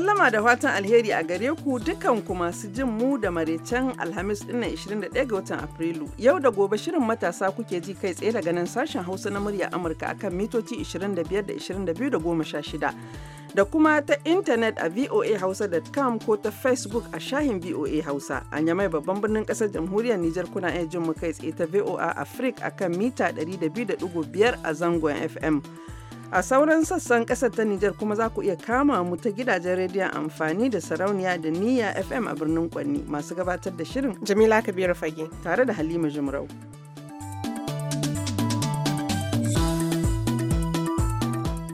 Sallama da fatan alheri a gare ku ku masu jin mu da maraicen Alhamis din 21 ga watan Afrilu. Yau da gobe shirin matasa kuke ji kai tsaye daga nan sashen Hausa na murya Amurka akan mitoci 25 da 22 da 16. Da kuma ta intanet a voahausa.com ko ta Facebook a shahin VOA Hausa. A nyamai babban birnin kasar jamhuriyar Nijar kuna iya jin mu kai tsaye ta VOA Africa akan mita 102.5 a zangon FM. A sauran sassan ƙasar ta Nijar kuma za ku iya kama mu ta gidajen rediyon amfani da sarauniya da niyya FM a birnin Kwanni masu gabatar da shirin. Jamila Kabiru Fage. Tare da Halima Jumrau.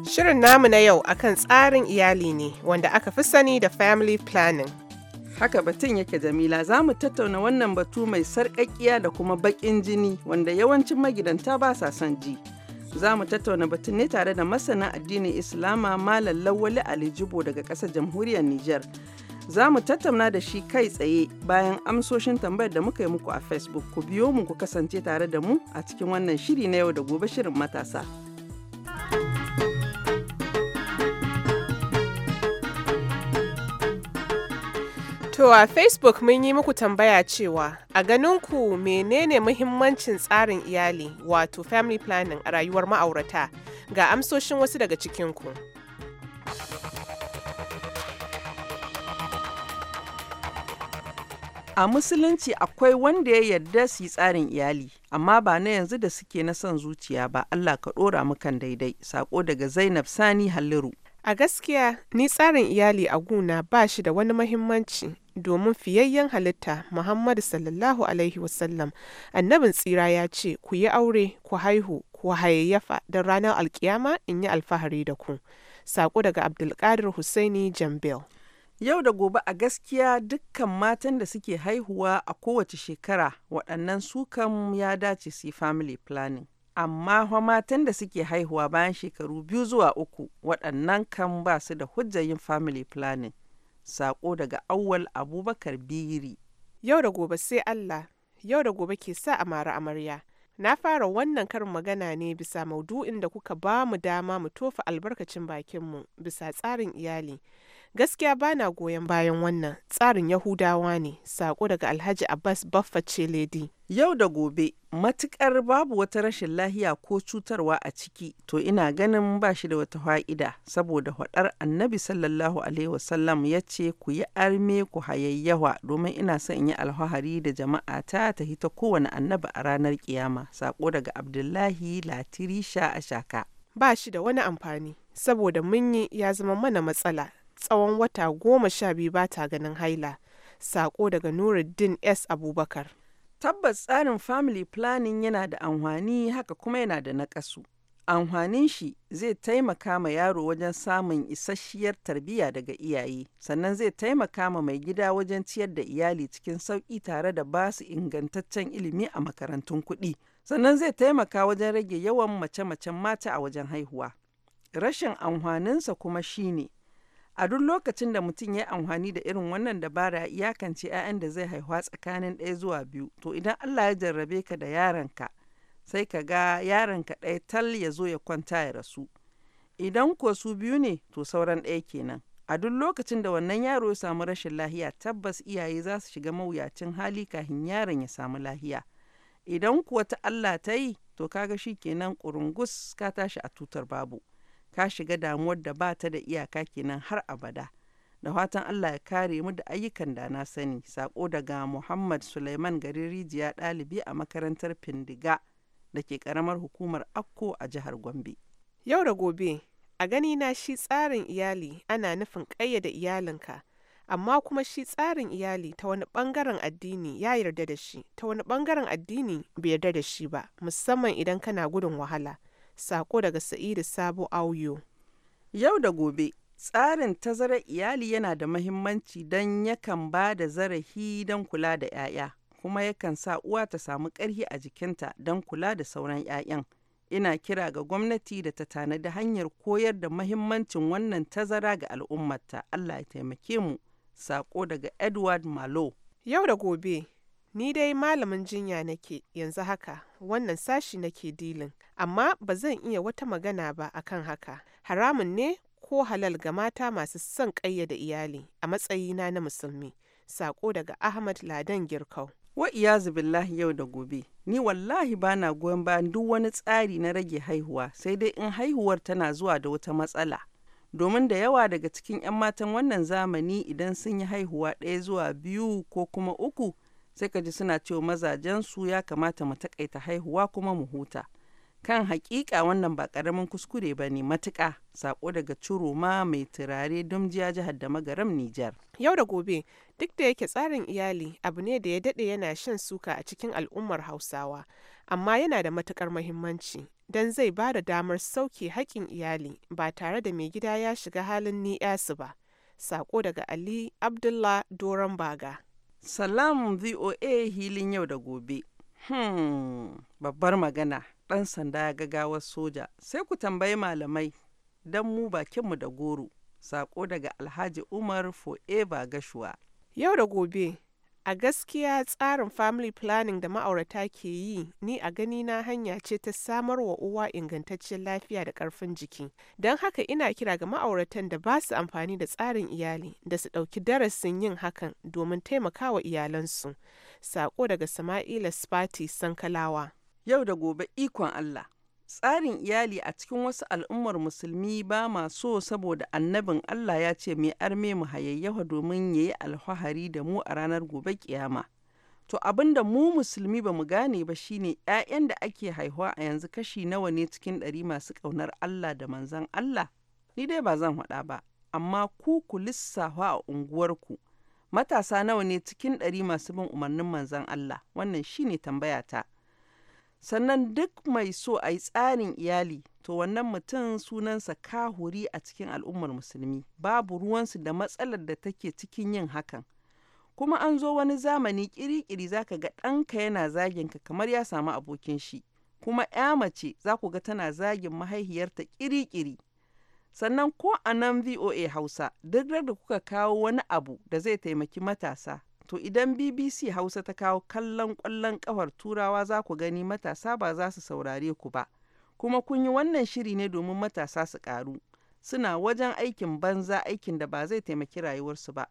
Shirin namu na yau akan tsarin iyali ne wanda aka fi sani da family planning. Haka batun yake Jamila za mu tattauna wannan batu mai sarƙaƙiya da kuma baƙin jini wanda yawancin magidanta ba sa son ji. Za mu tattauna batun ne tare da masana addinin Islama Malam Lawali alijibo daga ƙasar jamhuriyar niger Za mu tattauna da shi kai tsaye bayan amsoshin tambayar da muka yi muku a Facebook. Ku biyo mu ku kasance tare da mu a cikin wannan shiri na yau da gobe shirin matasa. To a Facebook mun yi muku tambaya cewa a ganinku menene muhimmancin tsarin iyali wato family planning a rayuwar ma'aurata ga amsoshin wasu daga cikinku. A Musulunci akwai wanda ya yarda su yi tsarin iyali, amma ba na yanzu da suke na son zuciya ba Allah ka ɗora mukan daidai, sako daga Zainab Sani Halliru. A gaskiya, ni tsarin iyali a guna ba shi da wani mahimmanci domin fiyayyen halitta Muhammadu sallallahu Alaihi wasallam annabin tsira ya ce ku yi aure ku haihu ku hayayyafa don ranar alkiyama in yi alfahari da ku. saƙo daga Abdulkadir husaini Jambel. Yau da gobe a gaskiya dukkan matan da suke haihuwa a kowace shekara waɗannan sukan ya dace su family planning. amma matan da suke haihuwa bayan shekaru biyu zuwa uku waɗannan kan ba su da hujjar yin family planning Sako daga Awwal Abubakar Biri. Yau da gobe sai Allah, yau da gobe ke sa a mara amarya. Na fara wannan karin magana ne bisa maudu'in da kuka ba mu dama mu tofa albarkacin bakinmu bisa tsarin iyali Gaskiya bana goyon bayan wannan, tsarin Yahudawa ne, sako daga Alhaji Abbas bafface ledi Yau da gobe, matukar babu wata rashin lahiya ko cutarwa a ciki, to ina ganin ba shi da wata fa'ida, saboda haɗar annabi sallallahu Alaihi wasallam ya ce ku yi arme ku hayayyawa domin ina son in yi alfahari da jama'a ta ta hita kowane annabi a ranar kiyama, sako daga Abdullahi Latirisha Ashaka. Ba shi da wani amfani, saboda mun yi ya zama mana matsala. tsawon wata goma sha biyu ba ta ganin haila. Sako daga Nuruddin S. Abubakar. Tabbas tsarin family planning yana da amfani haka kuma yana da naƙasu. amfanin shi zai taimaka ma yaro wajen samun isasshiyar tarbiyya daga iyaye sannan zai taimaka ma mai gida wajen ciyar da iyali cikin sauƙi tare da ba su ingantaccen ilimi a makarantun kuɗi sannan zai taimaka wajen rage yawan mace-macen mata a wajen haihuwa rashin amfaninsa kuma shine a duk lokacin da mutum ya yi amfani da irin wannan dabara iyakance 'ya'yan da zai haihuwa tsakanin ɗaya zuwa biyu to idan allah ya jarrabe ka da yaronka sai ka ga yaronka ɗaya tal ya zo ya kwanta ya rasu idan kuwa su biyu ne to sauran ɗaya kenan a duk lokacin da wannan yaro ya samu rashin lahiya tabbas iyaye za su shiga mawuyacin hali kafin yaron ya samu lahiya idan kuwa ta allah ta yi to kaga shi kenan ƙurungus ka tashi a tutar babu ka shiga damuwar da ba ta da iyaka kenan har abada da fatan Allah ya kare mu da ayyukan da na sani sako daga Muhammad Suleiman garin rijiya ɗalibi a makarantar Findiga da ke karamar hukumar Akko a jihar Gombe. Yau da gobe a gani na shi tsarin iyali ana nufin ƙayyade iyalinka amma kuma shi tsarin iyali ta wani ɓangaren addini ya yarda da shi ta wani ɓangaren addini bai yarda da shi ba musamman idan kana gudun wahala Sako daga Sa'idu Sabo Auyo. Yau da gobe, tsarin tazarar iyali yana da mahimmanci don yakan ba da zarafi don kula da 'ya'ya, kuma yakan sa uwa ta samu ƙarhi a jikinta don kula da sauran 'ya'yan. Ina kira ga gwamnati da ta tanadi hanyar koyar da mahimmancin wannan tazara ga al'ummarta. Allah ya taimake mu. Sako daga Edward Malo. Yau da gobe, ni dai malamin jinya nake yanzu haka, wannan sashi nake dilin. amma ba zan iya wata magana ba a kan haka haramun ne ko halal ga mata masu son da iyali a matsayina na musulmi sako daga ahmad ladan girkau wa iyazu billahi yau da gobe ni wallahi bana goyon bayan duk wani tsari na rage haihuwa sai dai in haihuwar tana zuwa da wata matsala domin da yawa daga cikin 'yan matan wannan zamani idan sun yi haihuwa ɗaya zuwa biyu ko kuma uku sai ka ji suna cewa mazajensu ya kamata mu takaita haihuwa kuma mu huta kan hakika wannan ba karamin kuskure ba ne matuka sako daga Curuma mai turare dumjiya jihar da magaram Nijar. Yau da gobe duk da yake tsarin iyali abu ne da ya dade yana shan suka a cikin al'ummar Hausawa amma yana da matukar muhimmanci don zai ba da damar sauke haƙƙin iyali ba tare da mai gida ya shiga halin ni'yasu ba. Sako daga Ali Abdullah Doron Baga. Salam VOA hilin yau da gobe. Hmm, babbar magana. ɗan sanda ya ga soja sai ku tambayi malamai don mu bakinmu da goro sako daga alhaji umar forever gashuwa yau da gobe a gaskiya tsarin family planning da ma'aurata ke yi ni a gani na hanya ce ta samar wa uwa ingantaccen lafiya da ƙarfin jiki don haka ina kira ga ma'auratan da ba su amfani da tsarin iyali da su ɗauki darasin yin hakan domin taimakawa iyalansu sako daga sama'ila spati sankalawa Yau da gobe ikon Allah. Tsarin iyali a cikin wasu al'ummar musulmi ba ma so saboda annabin Allah ya ce mai arme mu hayayyafa domin ya yi alfahari da mu a ranar gobe kiyama. To abin da mu musulmi ba mu gane ba shine ‘ya'yan da ake haihuwa a yanzu kashi nawa ne cikin ɗari masu ƙaunar Allah da manzan Allah? Ni dai ba zan haɗa ba, amma ku ku lissafa a unguwarku. Matasa nawa ne cikin ɗari masu bin umarnin manzan Allah? Wannan shine tambayata. sannan duk mai so a yi tsarin iyali to wannan mutum sunansa kahuri a cikin al'ummar musulmi babu ruwansu da matsalar da take cikin yin hakan kuma an zo wani zamani kiri-kiri za zaka ga ɗanka yana zagin ka kamar ya samu abokin shi kuma ya mace za ku ga tana zagin mahaihiyarta kiri sannan ko a nan voa hausa duk da kuka kawo wani abu da zai taimaki matasa To idan BBC Hausa ta kawo kallon kwallon ƙafar Turawa za ku gani matasa ba za su saurare ku ba. Kuma kun yi wannan shiri ne domin matasa su ƙaru. Suna wajen aikin banza aikin da ba zai taimaki rayuwarsu ba.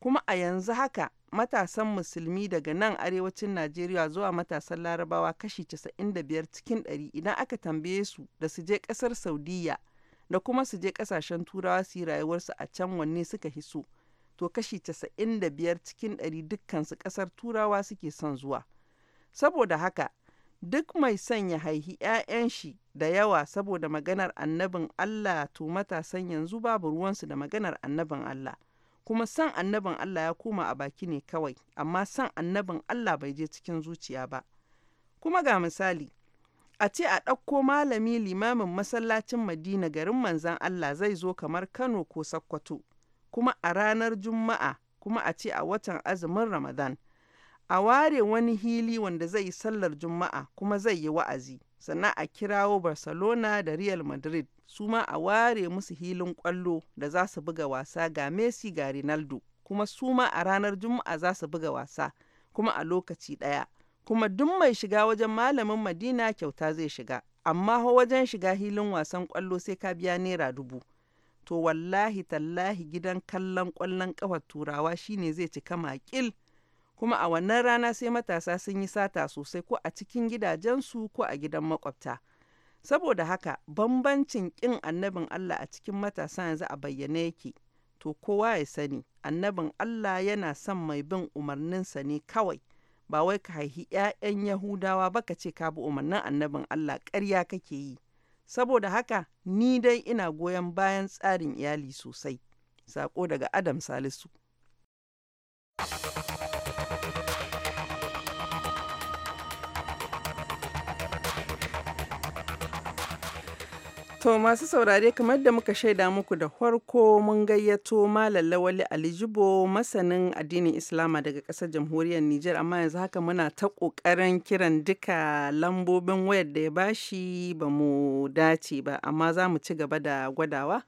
Kuma a yanzu haka matasan musulmi daga nan arewacin Najeriya zuwa matasan larabawa kashi 95 cikin 100 idan aka tambaye su da su je ƙasar Saudiya da kuma su je ƙasashen turawa su yi rayuwarsu a can wanne suka hiso. to kashi casa'in da biyar cikin ɗari dukkansu ƙasar turawa suke son zuwa saboda haka duk mai son ya haihi 'ya'yan shi da yawa saboda maganar annabin Allah to matasan yanzu babu ruwansu da maganar annabin Allah kuma san annabin Allah ya koma a baki ne kawai amma san annabin Allah bai je cikin zuciya ba kuma ga misali a ce a ɗauko malami limamin masallacin madina garin manzan Allah zai zo kamar Kano ko Sokoto kuma a ranar Juma'a kuma a ce a watan azumin Ramadan. A ware wani hili wanda zai yi sallar Juma'a kuma zai yi wa'azi. Sannan a kirawo Barcelona da Real Madrid su ma a ware musu hilin kwallo da za su buga wasa ga Messi ga rinaldo kuma su ma a ranar Juma'a za su buga wasa kuma a lokaci ɗaya. Kuma duk mai shiga wajen malamin Madina kyauta zai shiga, amma wajen shiga hilin wasan kwallo sai ka biya naira dubu. to wallahi tallahi gidan kallon ƙwallon ƙafar turawa shine zai cika makil kuma a wannan rana sai matasa sun yi sata sosai ko a cikin gidajensu ko a gidan makwabta saboda haka bambancin ƙin annabin Allah a cikin matasa yanzu a bayyane yake to kowa ya sani annabin Allah yana son mai bin umarninsa ne kawai ba wai ka haihi 'ya'yan yahudawa ba ka ce ka bi umarnin annabin Allah ƙarya kake yi Saboda haka ni dai ina goyon bayan tsarin iyali sosai. Sako daga Adam Salisu. To masu saurare kamar da muka shaida muku da farko mun gayyato Malam Lawali Alijibo masanin addinin Islama daga ƙasar jamhuriyar Nijar amma yanzu haka muna ta ƙoƙarin kiran duka lambobin wayar da ya bashi ba mu dace ba amma za mu ci gaba da gwadawa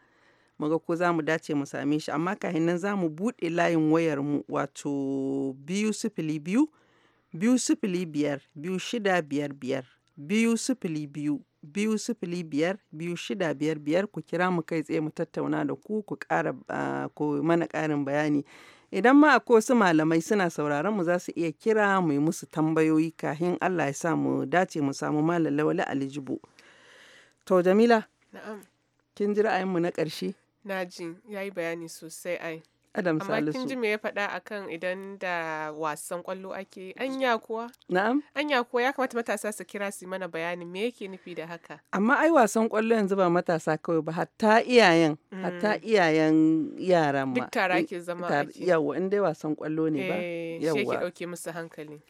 mu ga ko za mu dace mu same shi amma kahin nan za mu buɗe layin wayar mu wato biyu sifili biyu biyu sifili biyar biyu shida biyar biyar biyu sifili biyu biyu sifili biyar biyu shida biyar biyar ku kira mu kai tsaye mu tattauna da ku ku ƙara ah, ku mana ƙarin bayani idan ma a wasu malamai suna sauraron mu za su iya kira mu yi musu tambayoyi kahin Allah ya sa mu dace mu samu malam lawali alijibu to Jamila na'am kin ji ra'ayin mu na ƙarshe ji yayi bayani sosai ai Adam Amma kin ji me ya faɗa akan idan da wasan ƙwallo ake anya kuwa? Na'am. Anya kuwa ya kamata matasa su kira su mana bayani me yake nufi da haka? Amma ai wasan ƙwallo yanzu ba matasa kawai ba hatta iyayen, hatta mm. iyayen yara ma. Duk tara ke zama ciki. Yawwa in dai wasan ƙwallo ne ba. Yawwa. Eh, shi ɗauke musu hankali.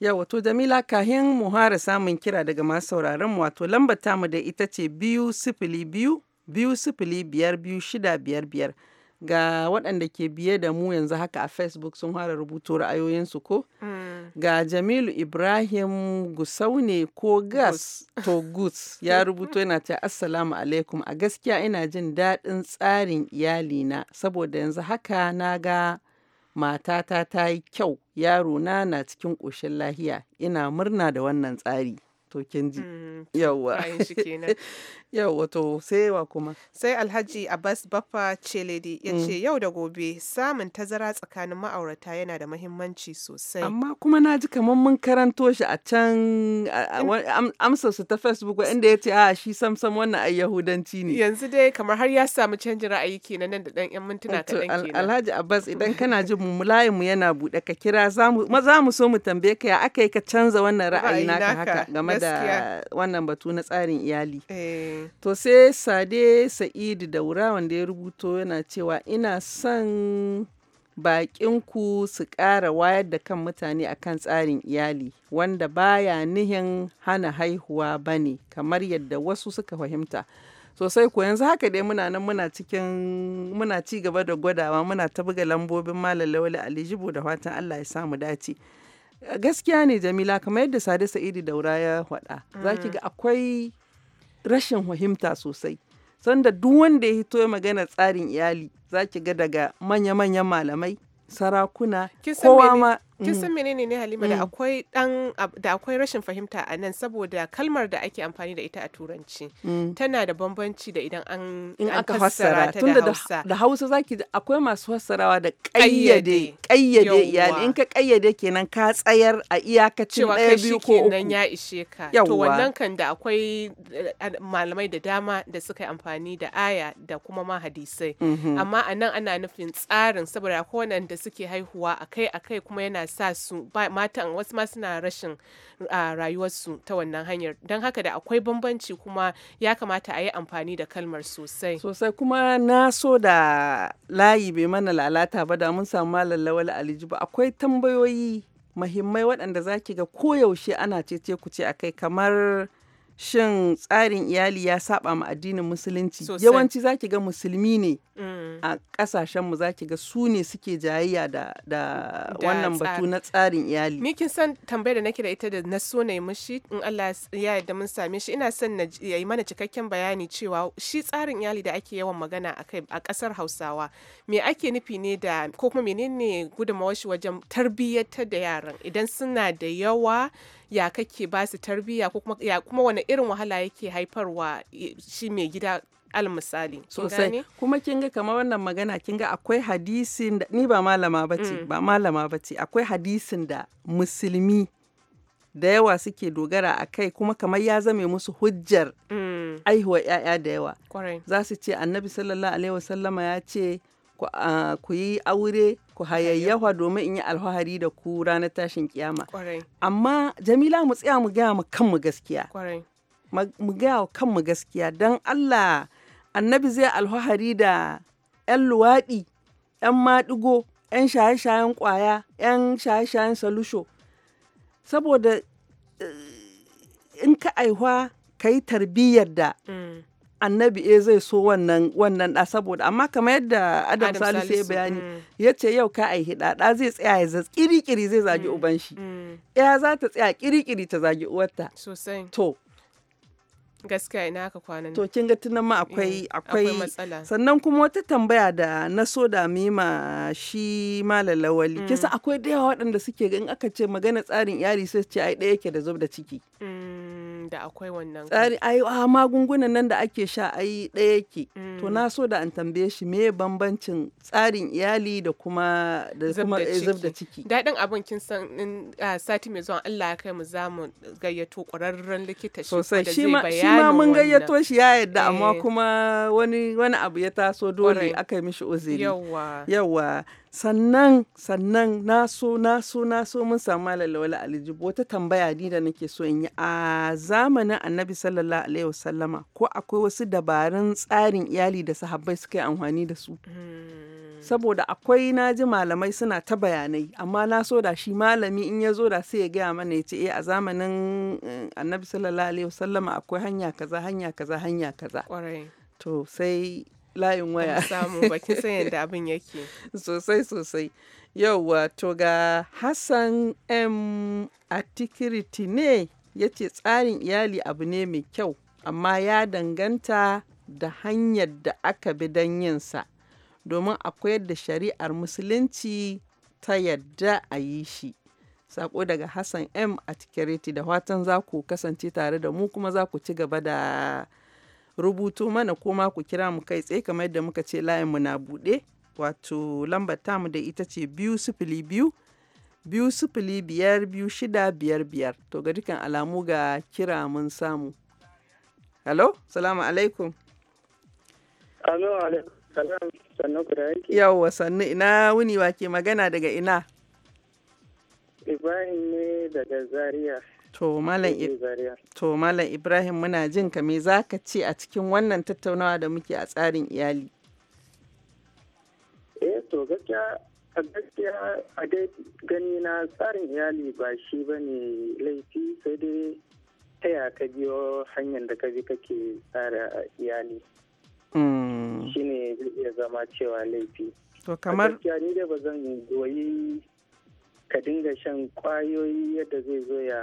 Yawwa to Jamila kahin mu hara samun kira daga masu sauraron mu wato lambar tamu da ita ce biyu sifili biyu biyu sifili biyar biyu shida biyar biyar. ga waɗanda ke biye da mu yanzu haka a facebook sun fara rubuto ra'ayoyinsu ko mm. ga jamilu ibrahim gusaune ko gas to goods ya rubuto yana ce assalamu alaikum a gaskiya ina jin daɗin tsarin iyalina saboda yanzu haka na ga matata ta yi kyau yaro na na cikin ƙoshin lahiya ina murna da wannan tsari to kin ji mm. yau wato wa kuma sai alhaji abbas baffa celedi ya mm. ce yau da gobe samun tazara tsakanin ma'aurata yana da mahimmanci sosai amma kuma na ji kamar mun karanto shi a can amsa su ta facebook inda ya ce a shi samsam wannan a yahudanci ne yanzu dai kamar har ya samu canjin ra'ayi kenan nan da dan yan mintuna kaɗan kenan alhaji abbas idan kana jin mu layin mu yana buɗe ka kira za mu so mu tambaye ka ya aka yi ka canza wannan ra'ayi naka haka game da wannan batu na tsarin iyali eh. To sai Sade Sa'idu Daura wanda ya rubuto yana cewa ina son ku su ƙara wayar da kan mutane akan tsarin iyali wanda baya nihin hana haihuwa ba ne, kamar yadda wasu suka fahimta. sosai ko yanzu haka dai muna nan muna cikin muna ci gaba da gwadawa muna ta buga lambobin malam lawali jibo da fatan Allah ya samu dace gaskiya ne jamila kamar yadda sade sa'idu daura ya faɗa za ki mm. ga akwai rashin fahimta sosai sanda duk wanda ya hito magana tsarin iyali zaki ga daga manya-manyan malamai sarakuna kowa ma kin mm. san menene ne halima da mm. akwai dan da akwai rashin fahimta a nan saboda kalmar da ake amfani da ita a turanci mm. tana da bambanci da idan an in aka fassara tunda da hausa zaki akwai masu fassarawa da kayyade kayyade iyali in ka kayyade kenan ka tsayar a iyakacin daya biyu ko uku kenan ya ishe ka to wannan kan da akwai eh, malamai da dama da suka yi amfani da aya da kuma ma hadisai mm-hmm. amma a nan ana nufin tsarin saboda akwai da suke haihuwa akai akai kuma yana sa su matan wasu ma suna rashin rayuwarsu ta wannan hanyar don haka da akwai bambanci kuma ya kamata a yi amfani da kalmar sosai sosai kuma na so da layi bai mana lalata ba da mun samu malam aliji ba akwai tambayoyi mahimmai waɗanda zaki ga koyaushe ana ce ce ku ce akai kamar shin tsarin iyali ya saba ma addinin musulunci yawanci zaki ga musulmi ne mm. a kasashen mu zaki ga su ne suke jayayya da, da, wannan batu na tsarin iyali ni kin san tambayar da nake da ita da na so na mishi in Allah ya yarda mun same shi ina son na yi mana cikakken bayani cewa shi tsarin iyali da ake yawan magana akai a kasar Hausawa me ake nufi ne da ko kuma menene gudumawar shi wajen ta da yaran idan suna da yawa ya kake ba su tarbiyya ko kuma ya kuma wani irin wahala yake haifarwa shi mai gida almisali sosai kuma kin ga kamar wannan magana kin ga akwai hadisin da ni ba malama bace mm. ba malama bace akwai hadisin da musulmi da yawa suke dogara a kai kuma kamar ya zame musu hujjar mm. Aihuwa 'ya'ya da yawa za su ce annabi sallallahu alaihi wasallama ya ce ku yi aure ku hayayyawa domin in yi alfahari da ku ranar tashin kiyama. Amma Jamila mu tsaya mu gaya mu kanmu gaskiya. Mu gaya wa kanmu gaskiya don Allah annabi zai alfahari da 'yan luwaɗi, 'yan maɗigo, 'yan shaye-shayen ƙwaya, 'yan shaye-shayen salusho. Saboda eh, in ka aihwa ka yi tarbiyyar da mm. annabi eh zai so wannan wannan da saboda amma kamar yadda adam, salisu ya bayani yace mm. ya ce yau ka ai zai tsaya ya zai kirikiri zai zagi mm, uban shi mm. ya za ta tsaya kirikiri ta zagi uwarta sosai to gaskiya ina haka kwanan to kin ga tunan ma akwai eh, akwai sannan kuma wata tambaya da na so da mima shi malalawali kisa akwai da yawa waɗanda suke in aka ce magana tsarin iyali sai ce ai ɗaya yake da zub da ciki da akwai wannan tsari ai magungunan nan da ake sha ai ɗaya yake to mm. na so da an tambaye shi me bambancin tsarin iyali da kuma da kuma eh, zub ciki daɗin abin kin san sati mai zuwa Allah ya kai mu za mu gayyato ƙwararren likita shi sosai shi ma mun gayyato shi ya yadda amma eh. kuma wani wani abu ya taso dole aka yi mishi uzuri yawa yawa sannan sannan na so na so na so mun samu malam alijibu wata tambaya ni da nake so in yi a zamanin annabi sallallahu alaihi wasallama ko akwai wasu dabarun tsarin iyali da sahabbai suka yi amfani da su hmm. saboda akwai na ji malamai suna ta bayanai amma na so da shi malami in ya zo da sai ya gaya mana ya ce eh a zamanin eh, annabi sallallahu alaihi wasallama akwai hanya kaza hanya kaza hanya kaza to sai layin waya samu bakin san yadda abin yake sosai sosai yauwa to ga hassan m atikiriti ne ya ce tsarin iyali abu ne mai kyau amma ya danganta da hanyar da aka bi don yinsa domin akwai yadda shari'ar musulunci ta yadda a yi shi sako daga hassan m atikiriti da watan za ku kasance tare da mu kuma za ku ci gaba da rubuto mana koma ku kira mu kai tsaye kamar yadda muka ce layin mu na bude wato lambar tamu da ita ce biyu sifili biyu biyu sifili biyar biyu shida biyar biyar to ga dukkan alamu ga kira mun samu hello salamu alaikum hello alaikum sannu ku da yau wa sannu ina wuni wa ke magana daga ina ibrahim ne daga zaria To Malam Ibrahim muna jin ka me za ka ce a cikin wannan tattaunawa da muke a tsarin iyali? Eh to gaskiya a gaskiya a dai gani na tsarin iyali ba shi ba ne laifi sai dai ta ya ka biyo hanyar da ka bi kake tsara iyali. Hmm. Shi ne zai iya zama cewa laifi. To kamar? A gaskiya ni dai ba zan goyi ka dinga shan kwayoyi yadda zai zo ya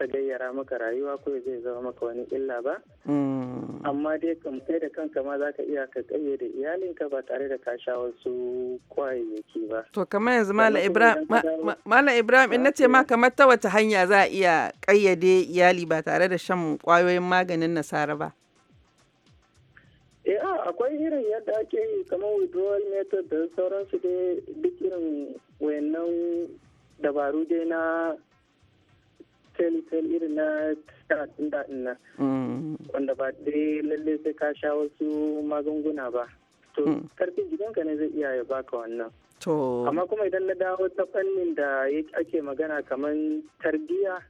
ta gayyara maka rayuwa ko zai zama maka wani illa ba. Hmm. Amma dai kai da kanka ma za ka iya ka kaye iyalinka ba tare da ka sha wasu kwayoyi ba. To kamar yanzu Malam Ibrahim, Ibrahim in nace ma kamar ta wata hanya za a iya kayyade iyali ba tare da shan kwayoyin maganin nasara ba. eh a akwai irin yadda ake yi kamar withdrawal method da sauransu dai duk irin wayannan dabaru dai na tell irin na karatun daɗin na. Mm. wanda ba dai lalle sai ka sha wasu magunguna ba to mm. karfin jikinka ne zai iya ya baka wannan amma kuma idan na dawo ta fannin da ake magana kamar tarbiyya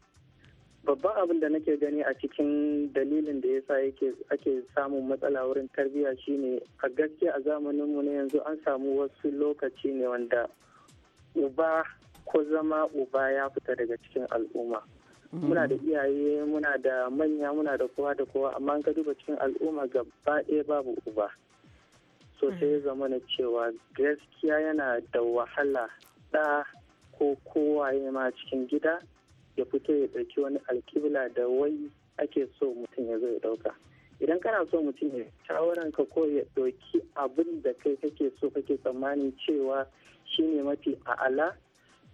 babban abin da nake gani a cikin dalilin da yasa yake ake samun matsala wurin tarbiyya shine a gaskiya a zamanin mu na yanzu an samu wasu lokaci ne wanda uba ko zama uba ya fita daga cikin al'umma muna da iyaye muna da manya muna da kowa da kowa amma ka duba cikin al'umma gaba ɗaya babu uba so sai zama na cewa gaskiya yana da wahala ɗa ko kowaye ma cikin gida ya fito ya ɗauki wani alkibla da wai ake so mutum ya zo ya ɗauka idan kana so mutum ya shawaran ka ko ya ɗauki abin da kai kake so kake tsammanin cewa shine mafi a'ala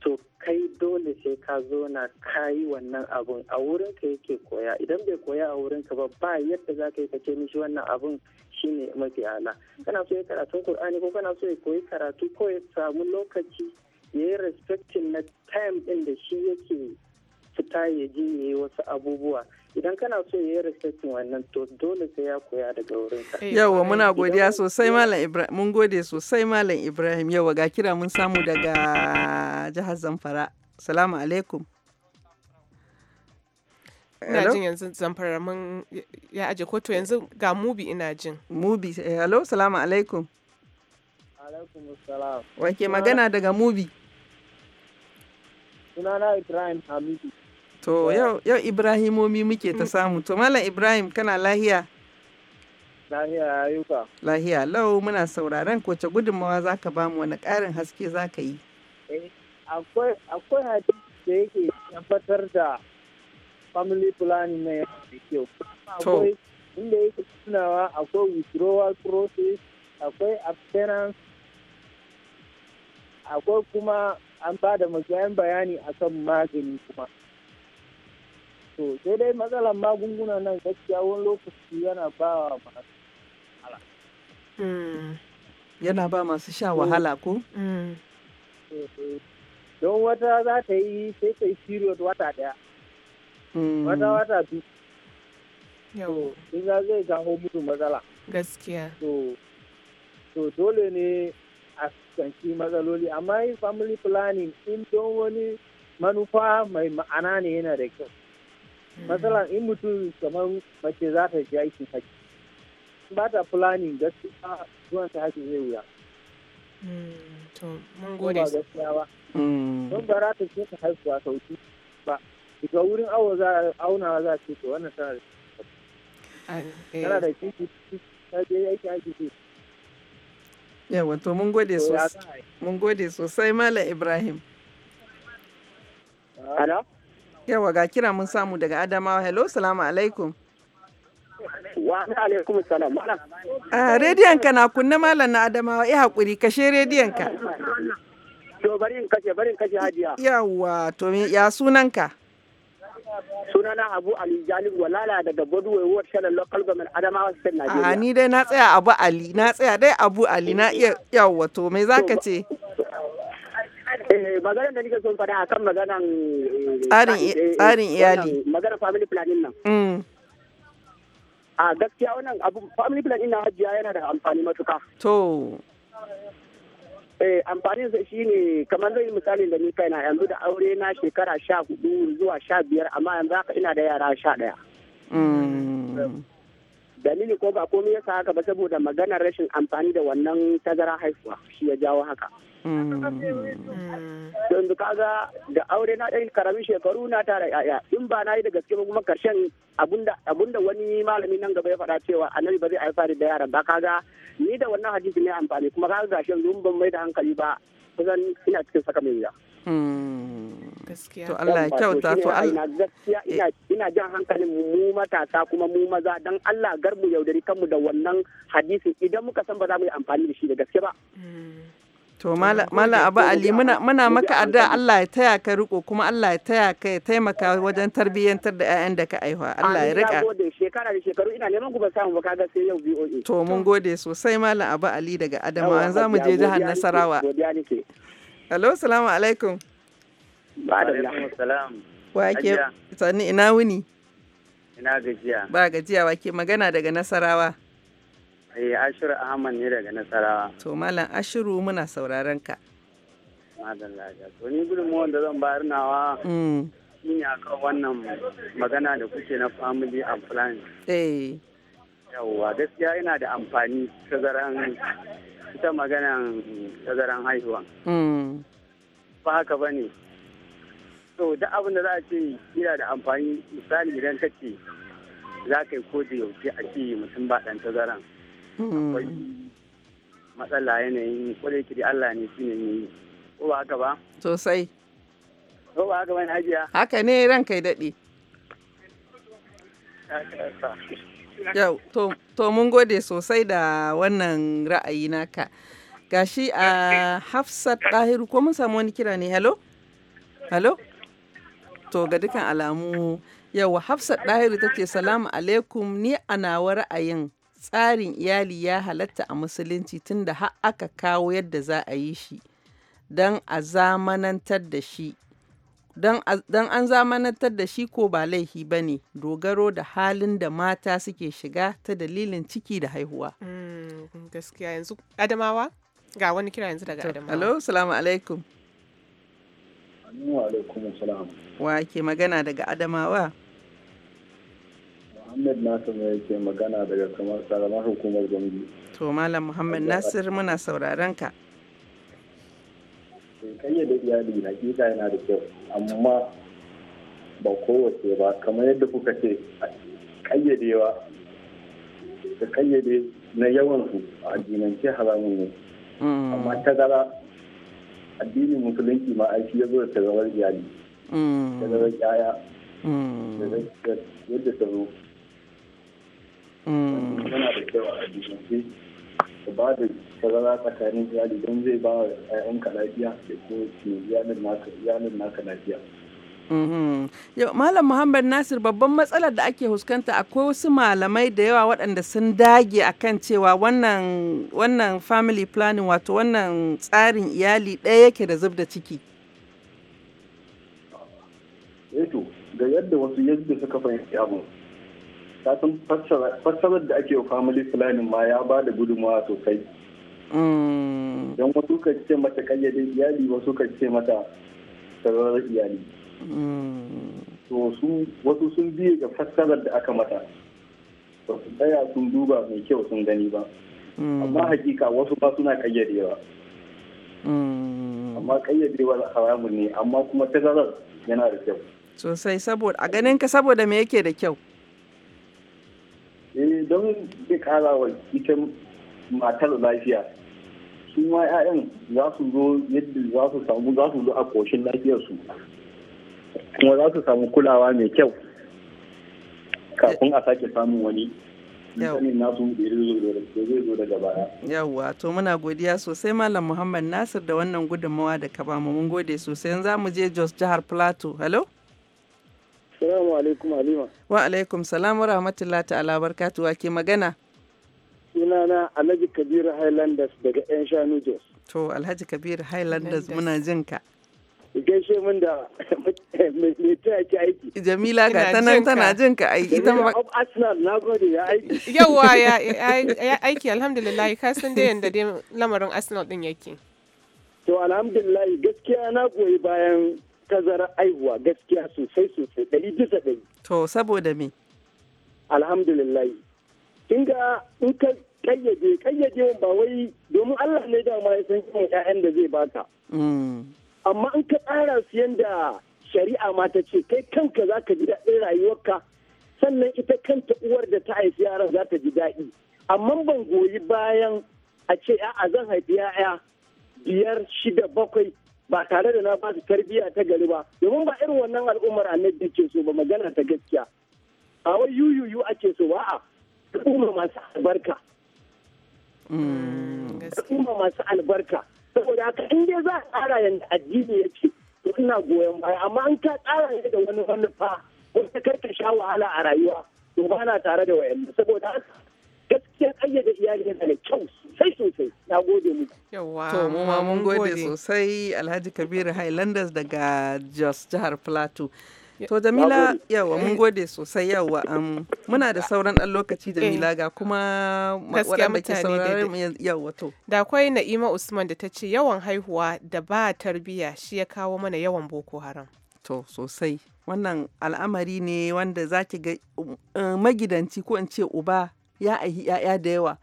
to kai dole sai ka zo na kayi wannan abun a wurin ka yake koya idan bai koya a wurin ka ba ba yadda za ka yi kake mishi wannan abun shine mafi ala kana so ya karatun kur'ani ko kana so ya koyi karatu ko ya samu lokaci ya yi respecting na time din da shi yake fita ya je ya yi wasu abubuwa idan kana so ya yi respectin wannan to dole sai ya koya daga wurinka. Yawwa muna godiya sosai Malam Ibrahim mun gode sosai Malam Ibrahim yawwa ga kira mun samu daga jihar Zamfara. Salamu alaikum. Ina jin yanzu zamfara mun ya aje to yanzu ga mubi ina jin. Mubi, eh, hello, salamu alaikum. Alaikum salam. Wake magana daga mubi. Sunana Ibrahim Hamidu. To yau Ibrahimomi muke ta mm. samu. To Malam Ibrahim kana lahiya? Lahiya yuka. Lahiya lau muna sauraron kowace gudunmawa za ka bamu wani ƙarin haske za ka yi. Eh, akwai hadisi da yake tabbatar da family planning na yana da kyau. To. inda yake tunawa akwai withdrawal process, akwai abstinence, akwai kuma an ba da bayan bayani akan magani kuma. to sai dai matsalar magunguna nan gaskiya wani lokaci yana ba masu wahala hmm. yana ba masu sha wahala ko hmm. don wata za ta yi sai ta yi period wata daya hmm. wata wata biyu yau za zai gaho mutu matsala gaskiya to dole ne a kanci matsaloli amma yin family planning in don wani manufa mai ma'ana ne yana da kyau Hmm. matsalan in mutum kamar mace za ta je aikin haji ba ta fulani gaskiya zuwan ta haji zai wuya hmm, to mun gode gaskiya ba hmm. don ba za ta ce ta haihuwa sauki ba daga wurin awo za auna za ce to wannan tana da tana da kishi ta je aikin haji ce yawa to mun gode sosai mun gode sosai mala ibrahim Hello? Yawa ga kira mun samu daga Adamawa. Hello, salamu alaikum. Wa alaikum salam. Ah, rediyon ka na kunna malam na Adamawa. ya eh, haƙuri kashe rediyon ka. To bari in kashe, bari in kashe Hajiya. Yawa, to ya sunan ka? sunana abu ali jalib walala daga bodwe ward shanar local government adamawa state nigeria a ni dai na tsaya abu ali na tsaya dai abu ali na eh, iya yawa to me zaka ce magana da nake son faɗa akan magana eh, tsarin eh, eh, iyali magana family planning nan mm. a gaskiya wannan abu family planning na hajiya yana da amfani matuka to eh amfanin sa shine kamar zai misali da ni kaina yanzu da aure na shekara sha hudu zuwa sha biyar amma yanzu haka ina da yara sha daya mm. dalili ko ba komai yasa haka ba saboda maganar rashin amfani da wannan tazara haihuwa shi ya jawo haka mm. yanzu kaga da aure na ɗan karamin shekaru na tara yaya in ba na yi da gaske ba kuma karshen abunda wani malami nan gaba ya faɗa cewa annabi ba zai haifa da yaran ba ga ni da wannan hadisi ne amfani kuma kaga gashin zumban mai da hankali ba kusan ina cikin saka mai gaskiya to Allah ya kyauta to Allah ina jan hankalin mu matasa kuma mu maza dan Allah gar mu yaudari kanmu da wannan hadisi idan muka san ba za mu yi amfani da shi da gaske ba mm. to mala abu ali muna muna maka adda Allah ya taya ka riko kuma Allah ya taya ka ya taimaka wajen tarbiyyantar da ƴaƴan da ka aihuwa Allah ya rika shekara da shekaru ina neman ku ba samu ba kaga sai yau BOA to mun gode sosai mala abu ali daga Adamawa za mu je jihar Nasarawa Hello, salamu alaikum. Ba da salam. Wake, sani ina wuni? Ina gajiya. Ba gajiya wake magana daga Nasarawa. Eh, Ashiru Ahmad ne daga Nasarawa. To, Malam Ashiru muna sauraron ka. Madalla ga. To, ni gudunmuwan da zan bayar nawa. Mm. Shi ne akan wannan magana da kuke na family and plan. Eh. Yawwa, gaskiya yana da amfani ta tazaran ta maganan tazaran haihuwa. Mm. Ba haka ba ne. So, duk abin da za a ce yana da amfani misali idan ka ce za ka yi ko da yaushe a ce mutum ba ɗan tazaran. Akwai mm. matsala yanayin kwale kiri Allah ne shi ne yi. Ko ba haka ba? Sosai. Ko ba haka ba ne hajiya? Haka ne ranka kai daɗi. Yau, to mun gode sosai da wannan ra'ayi naka. Gashi a uh, Hafsat Ɗahiru, ko mun samu wani kira ne? Hello? Hello? To ga dukan alamu yau Hafsat Ɗahiru ta ce salamu alaikum ni a nawa ra'ayin tsarin iyali ya halatta a musulunci tun da aka kawo yadda za a yi shi don a zamanantar da shi don an zamanantar da shi ko ba laifi ba ne dogaro da halin da mata suke shiga ta dalilin ciki da haihuwa. Mm, gaskiya yanzu adamawa ga wani kira yanzu daga adamawa. Hello, salamu alaikum. Wa ke magana daga adamawa? Muhammad Nasir ne yake magana daga kamar karamar hukumar Gombe. To Malam Muhammad Nasir muna sauraron ka. kayyade iyali na kika yana da kyau amma ba kowace ba kamar yadda kuka ce kayyadewa da kayyade na yawan su a addinance haramun ne mm. amma tazara addinin musulunci ma aiki ya zo da iyali mm. tazarar yaya mm. da yadda ta yana da kyau a addinance Ka ba da tazara tsakanin iyali don zai ba wa 'ya'yanka lafiya da kuma iyalin naka lafiya. Mhm. Malam Muhammad Nasir babban matsalar da ake huskanta akwai wasu malamai da yawa waɗanda sun dage akan cewa wannan wannan family planning wato wannan tsarin iyali ɗaya yake da zub da ciki. Eto, eh ga yadda wasu yadda suka fahimci abu ta san fassarar da ake wa family planning ma ya ba da gudunmawa sosai mm. don wasu ka ce mata kayyadin iyali wasu ka ce mata sararar iyali mm. to su wasu sun biye ga fassarar da aka mata ba su tsaya sun duba mai kyau sun gani ba mm. amma hakika wasu ba suna kayyadewa amma kayyadewar haramun ne amma kuma tazarar yana da kyau sosai saboda a ganin ka saboda me yake da kyau eh don zai kara wa ita matar lafiya su ma 'ya'yan za su zo yadda za su samu za su zo a koshin lafiyarsu kuma za su samu kulawa mai kyau kafin a sake samun wani yawwa to muna godiya sosai malam muhammad nasir da wannan gudunmawa da ka mu mun gode sosai za mu je jos jihar plateau hello Assalamu alaikum Halima. Wa alaikum salam wa rahmatullahi ta'ala ke magana. Sunana Alhaji Kabiru Highlanders daga 'yan shanu Jos. To Alhaji Kabiru Highlanders muna jin ka. gaishe min da mai ta ki aiki. Jamila ga tanan tana jin ka aiki. ma. of Arsenal na gode ya aiki. Yawwa ya aiki alhamdulillah ka san dai yanda dai lamarin Arsenal din yake. To alhamdulillah gaskiya na goyi bayan tazarar aihuwa gaskiya sosai sosai ɗari bisa ɗari. To saboda me? Alhamdulillah. Kin ga in ka kayyade kayyade ba wai domin Allah ne dama ya san yawan ƴaƴan da zai baka. Mm. Amma in ka tsara su yanda shari'a ma ta ce kai kanka za ka ji daɗin rayuwarka sannan ita kanta uwar da ta haifi yaran za ta ji daɗi. Amma ban goyi bayan a ce a'a zan haifi 'ya'ya biyar shida bakwai ba tare da na ba su tarbiyya ta gari ba domin ba irin wannan al'ummar annabi ke so ba magana ta gaskiya a wai yuyuyu ake so ba a al'umma masu albarka mm, al'umma masu albarka saboda haka in dai za a tsara yadda addini ya ce to ina goyon baya amma an ka tsara ne da wani wani fa wata karka sha wahala a rayuwa to ba na tare da wayannan saboda haka gaskiya kayyade iyali yana da kyau sosai sosai na gode mu yawa mun gode sosai Alhaji Kabiru Highlanders daga Jos jihar Plateau To Jamila yawa mun gode sosai yawa muna da sauran ɗan lokaci eh. Jamila ga kuma waɗanda ke sauraron yawa to. Da akwai Na'ima Usman da ta ce yawan haihuwa da ba tarbiya shi ya kawo mana yawan Boko Haram. To sosai wannan al'amari ne wanda zaki ga um, magidanci ko in ce uba ya aihi 'ya'ya da yawa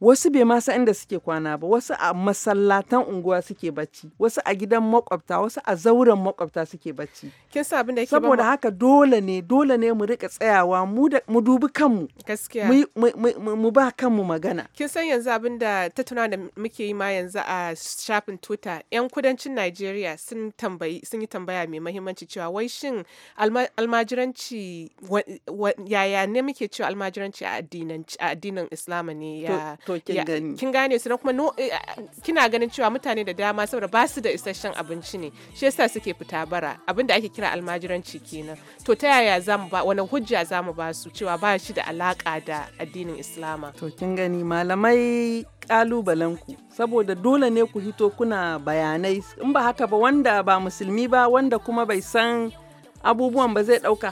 wasu bai masa inda suke kwana ba wasu a masallatan unguwa suke bacci wasu a gidan makwabta wasu a zauren makwabta suke bacci kin sa abin da yake saboda haka dole ne dole ne mu rika tsayawa mu dubi kanmu gaskiya mu ba kanmu magana kin san yanzu abin da ta tuna da muke yi ma yanzu a shafin Twitter yan kudancin Najeriya sun yi tambaya mai muhimmanci cewa wai shin almajiranci yaya ne muke cewa almajiranci a addinin Islama ne ya to kin gane su kuma eh, eh, kina ganin cewa mutane da dama saboda ba su da isasshen abinci ne shi yasa suke fita bara abin da ake kira almajiranci kenan to ta yaya mu ba wani hujja zamu ba su cewa ba shi da alaka da addinin islama to kin gani malamai kalubalen ku saboda dole ne ku hito kuna bayanai in ba haka ba wanda ba musulmi ba wanda kuma bai san abubuwan ba zai ɗauka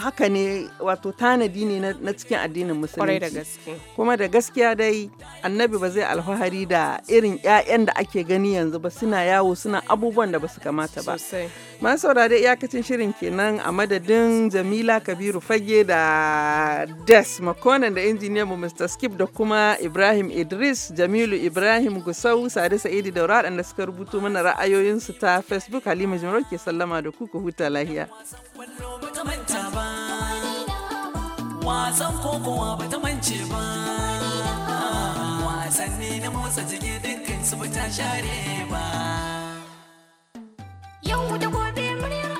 haka ne wato tanadi ne na cikin addinin musulunci da gaske kuma da gaskiya dai annabi ba zai alfahari da irin ya'yan da ake gani yanzu ba suna yawo suna abubuwan da ba su kamata ba masu saurari iyakacin shirin kenan a madadin jamila kabiru fage da des makonan da injiniyan mu mr skip da kuma ibrahim idris jamilu ibrahim gusau sade sa'idi daura da suka rubuto mana ra'ayoyinsu ta facebook halima jimarau ke sallama da ku ku huta lahiya lafiya wasan kokowa ba ta mance ba wasanni na jiki su yau da gobe muryar